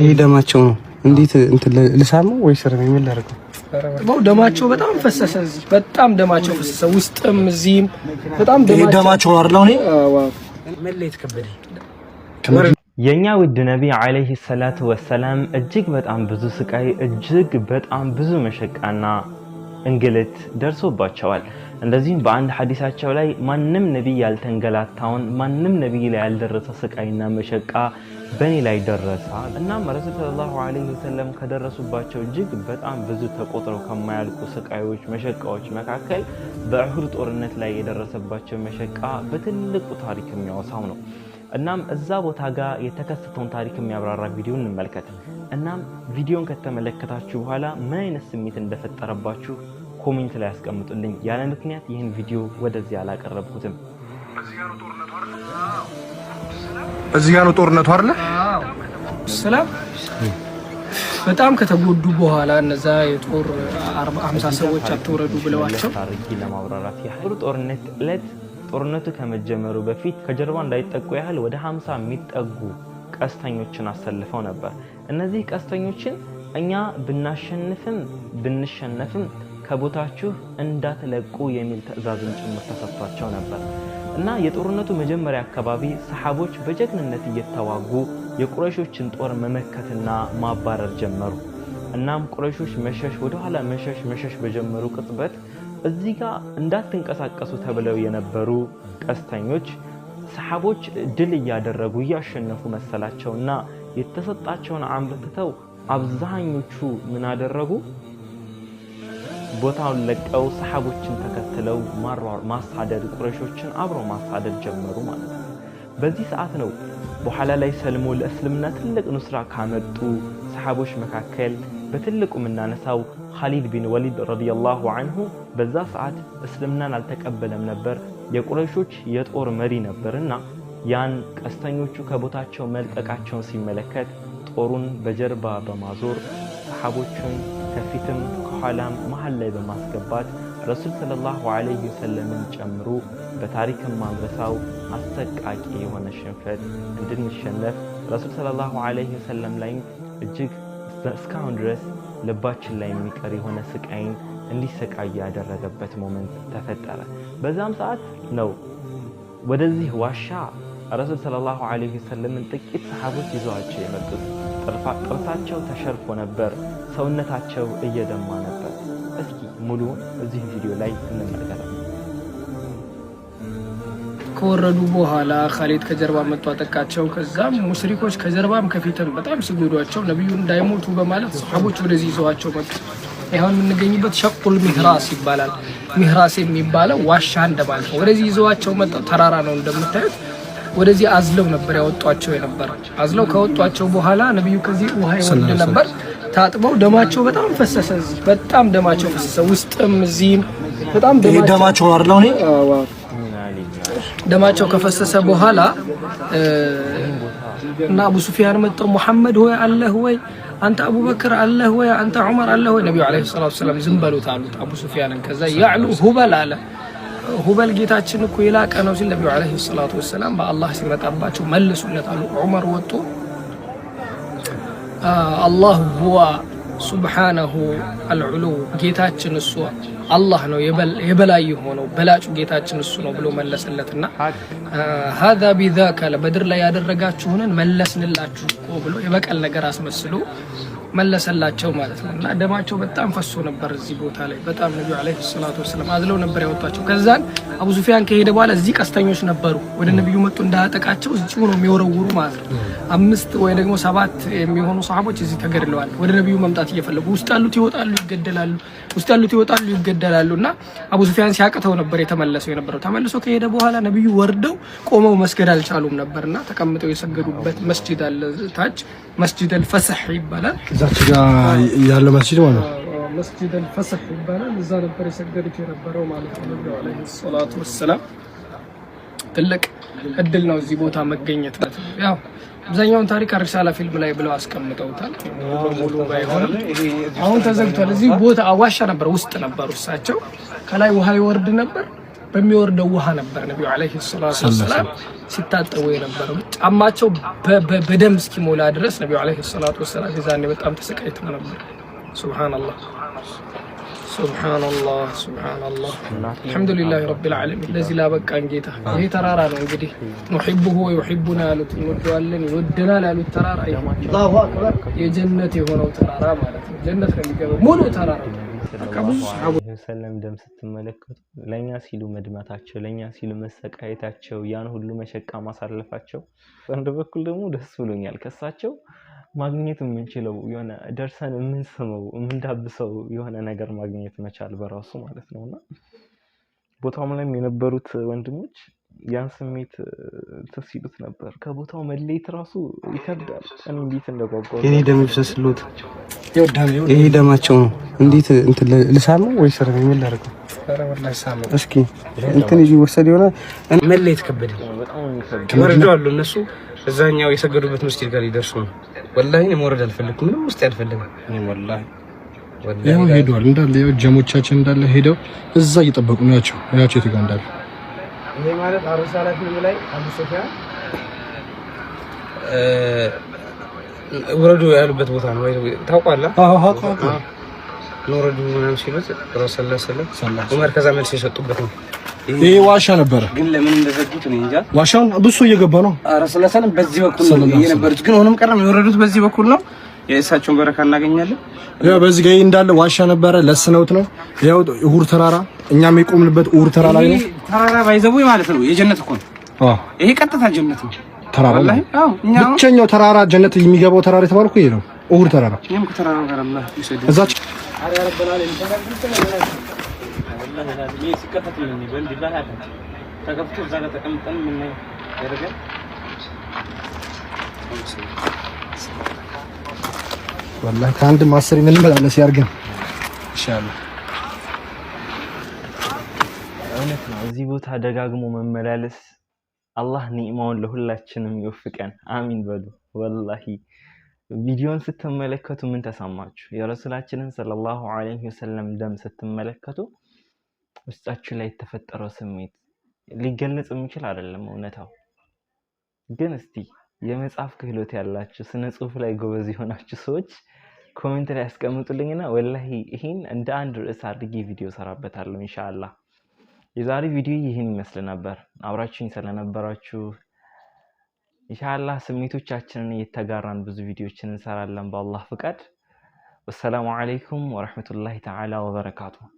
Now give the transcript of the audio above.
ይሄ ደማቸው ነው። እንዴት እንትን ልሳመው ወይ ስር ነው የሚላርገው? ደማቸው በጣም ፈሰሰ። እዚህ በጣም ደማቸው ፈሰሰ። ውስጥም እዚህም በጣም ደማቸው ነው አይደል? አሁን መለየት ከበደኝ። የኛ ውድ ነቢ አለይሂ ሰላቱ ወሰላም እጅግ በጣም ብዙ ስቃይ፣ እጅግ በጣም ብዙ መሸቃና እንግልት ደርሶባቸዋል። እንደዚህም በአንድ ሐዲሳቸው ላይ ማንም ነቢይ ያልተንገላታውን ማንም ነቢይ ላይ ያልደረሰ ስቃይና መሸቃ በእኔ ላይ ደረሰ። እናም ረሱል ሰለላሁ ዐለይሂ ወሰለም ከደረሱባቸው እጅግ በጣም ብዙ ተቆጥረው ከማያልቁ ስቃዮች፣ መሸቃዎች መካከል በእሁድ ጦርነት ላይ የደረሰባቸው መሸቃ በትልቁ ታሪክ የሚያወሳው ነው። እናም እዛ ቦታ ጋር የተከሰተውን ታሪክ የሚያብራራ ቪዲዮ እንመልከት። እናም ቪዲዮን ከተመለከታችሁ በኋላ ምን አይነት ስሜት እንደፈጠረባችሁ ኮሜንት ላይ ያስቀምጡልኝ። ያለ ምክንያት ይህን ቪዲዮ ወደዚህ አላቀረብኩትም። እዚህ ጋር ነው ጦርነቱ አለ። ሰላም በጣም ከተጎዱ በኋላ እነዛ የጦር አምሳ ሰዎች አትወረዱ ብለዋቸው ታሪክ ለማብራራት ያህል ጦርነት ዕለት ጦርነቱ ከመጀመሩ በፊት ከጀርባ እንዳይጠቁ ያህል ወደ ሀምሳ የሚጠጉ ቀስተኞችን አሰልፈው ነበር። እነዚህ ቀስተኞችን እኛ ብናሸንፍም ብንሸነፍም ከቦታችሁ እንዳትለቁ የሚል ትዕዛዝን ጭምር ተሰጥቷቸው ነበር እና የጦርነቱ መጀመሪያ አካባቢ ሰሓቦች በጀግንነት እየተዋጉ የቁረሾችን ጦር መመከትና ማባረር ጀመሩ። እናም ቁረሾች መሸሽ ወደኋላ መሸሽ መሸሽ በጀመሩ ቅጽበት እዚህ ጋር እንዳትንቀሳቀሱ ተብለው የነበሩ ቀስተኞች ሰሓቦች ድል እያደረጉ እያሸነፉ መሰላቸውና የተሰጣቸውን አንበትተው አብዛኞቹ ምን አደረጉ? ቦታውን ለቀው ሰሓቦችን ተከትለው ማሳደድ ቁረሾችን አብሮ ማሳደድ ጀመሩ ማለት ነው። በዚህ ሰዓት ነው በኋላ ላይ ሰልሞ ለእስልምና ትልቅ ኑስራ ካመጡ ሰሓቦች መካከል በትልቁ የምናነሳው ካሊድ ቢን ወሊድ ረዲየላሁ አንሁ በዛ ሰዓት እስልምናን አልተቀበለም ነበር። የቁረሾች የጦር መሪ ነበርና ያን ቀስተኞቹ ከቦታቸው መልቀቃቸውን ሲመለከት ጦሩን በጀርባ በማዞር ሰሓቦቹን ከፊትም በኋላም መሀል ላይ በማስገባት ረሱል ሰለላሁ አለይህ ወሰለምን ጨምሮ በታሪክ ማንረሳው አሰቃቂ የሆነ ሽንፈት እንድንሸነፍ ረሱል ሰለላሁ አለይህ ወሰለም ላይ እጅግ እስካሁን ድረስ ልባችን ላይ የሚቀር የሆነ ስቃይን እንዲሰቃይ ያደረገበት ሞመንት ተፈጠረ። በዛም ሰዓት ነው ወደዚህ ዋሻ ረሱል ሰለላሁ ዐለይሂ ወሰለምን ጥቂት ሰሃቦች ይዘዋቸው የመጡት። ጥርሳቸው ተሸርፎ ነበር፣ ሰውነታቸው እየደማ ነበር። እስኪ ሙሉውን እዚህ ቪዲዮ ላይ እንመልከታለን። ከወረዱ በኋላ ካሌድ ከጀርባ መጥቶ አጠቃቸው። ከዛም ሙሽሪኮች ከጀርባም ከፊትም በጣም ሲጎዷቸው ነቢዩ እንዳይሞቱ በማለት ሰሃቦች ወደዚህ ይዘዋቸው መጡ። ይሁን የምንገኝበት ሸቁል ሚህራስ ይባላል። ሚህራስ የሚባለው ዋሻ እንደማለት ነው። ወደዚህ ይዘዋቸው መጣው ተራራ ነው እንደምታዩት ወደዚህ አዝለው ነበር ያወጧቸው የነበረ። አዝለው ካወጧቸው በኋላ ነቢዩ ከዚህ ውሃ ይወርድ ነበር። ታጥበው ደማቸው በጣም ፈሰሰ። በጣም ደማቸው ፈሰሰ። ውስጥም እዚህም በጣም ደማቸው ነው ደማቸው ከፈሰሰ በኋላ እና አቡ ሱፊያን መጠው ሙሐመድ ሆይ አለህ ወይ አንተ አቡበክር አለህ ወይ አንተ ዑመር አለህ ወይ? ነቢዩ ዓለይሂ ሰላቱ ወሰላም ዝም በሉት አሉት አቡ ሱፊያንን። ከዛ ያዕሉ ሁበል አለ ሁበል ጌታችን እኮ የላቀ ነው ሲል ነቢዩ ዓለይሂ ሰላቱ ወሰላም በአላህ ሲመጣባቸው መልሱለት አሉ። ዑመር ወጡ። አላህ ሁዋ ሱብሓነሁ አልዑሉ ጌታችን እሱ አላህ ነው የበላይ የሆነው በላጩ ጌታችን እሱ ነው ብሎ መለሰለትና ሀዛ ቢዛከ በድር ላይ ያደረጋችሁንን መለስንላችሁ እኮ ብሎ የበቀል ነገር አስመስሉ መለሰላቸው ማለት ነው። እና ደማቸው በጣም ፈሶ ነበር እዚህ ቦታ ላይ በጣም ነቢዩ ዓለይሂ ሰላቱ ወሰላም አዝለው ነበር ያወጧቸው ከዛን አቡ ሱፊያን ከሄደ በኋላ እዚህ ቀስተኞች ነበሩ፣ ወደ ነቢዩ መጡ እንዳያጠቃቸው እዚሁ ነው የሚወረውሩ ማለት ነው። አምስት ወይ ደግሞ ሰባት የሚሆኑ ሰሃቦች እዚህ ተገድለዋል። ወደ ነቢዩ መምጣት እየፈለጉ ውስጥ ያሉት ይወጣሉ፣ ይገደላሉ፣ ውስጥ ያሉት ይወጣሉ፣ ይገደላሉ። እና አቡ ሱፊያን ሲያቅተው ነበር የተመለሰው የነበረው። ተመልሶ ከሄደ በኋላ ነቢዩ ወርደው ቆመው መስገድ አልቻሉም ነበርና ተቀምጠው የሰገዱበት መስጅድ አለ ታች፣ መስጂድ ይባላል እዛች ጋር ያለው መስጂድ ማለት ነው። መስጂድ አልፈሰህ ይባላል። እዛ ነበር የሰገዱት የነበረው ማለት ነው። ነብዩ አለይሂ ሰላቱ ወሰላም ትልቅ እድል ነው እዚህ ቦታ መገኘት። ያው አብዛኛውን ታሪክ አርሳላ ፊልም ላይ ብለው አስቀምጠውታል። አሁን ተዘግቷል። እዚህ ቦታ ዋሻ ነበር፣ ውስጥ ነበሩ እሳቸው። ከላይ ውሃ ይወርድ ነበር በሚወርደው ውሃ ነበር ነቢዩ ዓለይሂ ሰላቱ ወሰላም ሲታጠቡ የነበረው። ጫማቸው በደም እስኪሞላ ድረስ ነቢዩ ዓለይሂ ሰላቱ ወሰላም የዛኔ በጣም ተሰቃይተው ነበር። ሱብሃነላህ ሱብሃነላህ ሱብሃነላህ። አልሐምዱሊላህ ረቢል ዓለሚን ለዚህ ላበቃን ጌታ። ይህ ተራራ ነው እንግዲህ ኑሒቡሁ ወዩሒቡና ያሉት እንወደዋለን ይወደናል ያሉት ተራራ የጀነት የሆነው ተራራ ማለት ነው። ጀነት ነው የሚገባው ሙሉ ተራራ ብዙ ሰለም ደም ስትመለከቱ ለእኛ ሲሉ መድማታቸው፣ ለእኛ ሲሉ መሰቃየታቸው፣ ያን ሁሉ መሸቃ ማሳለፋቸው በአንድ በኩል ደግሞ ደስ ብሎኛል። ከሳቸው ማግኘት የምንችለው የሆነ ደርሰን የምንስመው የምንዳብሰው የሆነ ነገር ማግኘት መቻል በራሱ ማለት ነው እና ቦታውም ላይም የነበሩት ወንድሞች ያን ስሜት ሲሉት ነበር። ከቦታው መለየት ራሱ ይከብዳል። እኔ እንዴት እንደጓጓ የኔ ደም ይብሰስሎት። ይሄ ደማቸው ነው። እንዴት እንትን ልሳም ነው ወይስ ረብ ምን ላድርገው? እስኪ እንትን ይዤ ወሰድ የሆነ መለየት ከበደኝ። ወርደዋል እነሱ እዛኛው የሰገዱበት መስጊድ ጋር ሊደርሱ ነው። ወላሂ እኔ መውረድ አልፈለኩም። ምንም ውስጥ አልፈለግም። ያው ሄደዋል እንዳለ ያው ጀሞቻችን እንዳለ ሄደው እዛ እየጠበቁ ናቸው ናቸው የት ጋር እንዳለ ይሄ ማለት አሩሳላት ምን ላይ አቡ ሶፊያን ውረዱ ያሉበት ቦታ ነው ታውቋለህ? ውረዱ ምናምን ሲሉት ዑመር ከዛ መልስ የሰጡበት ነው። ይህ ዋሻ ነበረ፣ ግን ለምን እንደዘጉት እኔ እንጃ። ዋሻውን ብሶ እየገባ ነው። አረ ሰላሰለም በዚህ በኩል ነው የነበሩት፣ ግን ሆኖም ቀረም የወረዱት በዚህ በኩል ነው። የእሳቸውን በረካ እናገኛለን። ያው በዚህ ጋር እንዳለ ዋሻ ነበረ፣ ለስነውት ነው ያው ኡሁድ ተራራ፣ እኛም የቆምንበት ኡሁድ ተራራ ላይ ነው። ተራራ ባይዘቡ ማለት ነው የጀነት እኮ ነው። አዎ ይሄ ቀጥታ ጀነት ነው ተራራ ላይ። አዎ ብቸኛው ተራራ ጀነት የሚገባው ተራራ የተባልኩ ይሄ ነው ኡሁድ ተራራ። እኛም ጋር እዛች ተከፍቶ ወላሂ ከአንድ ማሰሪ ምን ያርገን ኢንሻአላህ። እውነት ነው። እዚህ ቦታ ደጋግሞ መመላለስ አላህ ኒዕማውን ለሁላችንም ይወፍቀን፣ አሚን በሉ። ወላሂ ቪዲዮን ስትመለከቱ ምን ተሰማችሁ? የረሱላችንን ሰለላሁ ዐለይሂ ወሰለም ደም ስትመለከቱ ውስጣችሁ ላይ የተፈጠረው ስሜት ሊገለጽ የሚችል አይደለም እውነታው ግን እስቲ የመጽሐፍ ክህሎት ያላችሁ ስነ ጽሁፍ ላይ ጎበዝ የሆናችሁ ሰዎች ኮሜንት ላይ ያስቀምጡልኝና ወላሂ ይህን እንደ አንድ ርዕስ አድርጌ ቪዲዮ ሰራበታለሁ ኢንሻአላ። የዛሬ ቪዲዮ ይህን ይመስል ነበር። አብራችሁኝ ስለነበራችሁ ኢንሻአላ ስሜቶቻችንን እየተጋራን ብዙ ቪዲዮችን እንሰራለን በአላህ ፍቃድ። ወሰላሙ አለይኩም ወረህመቱላሂ ተዓላ ወበረካቱ።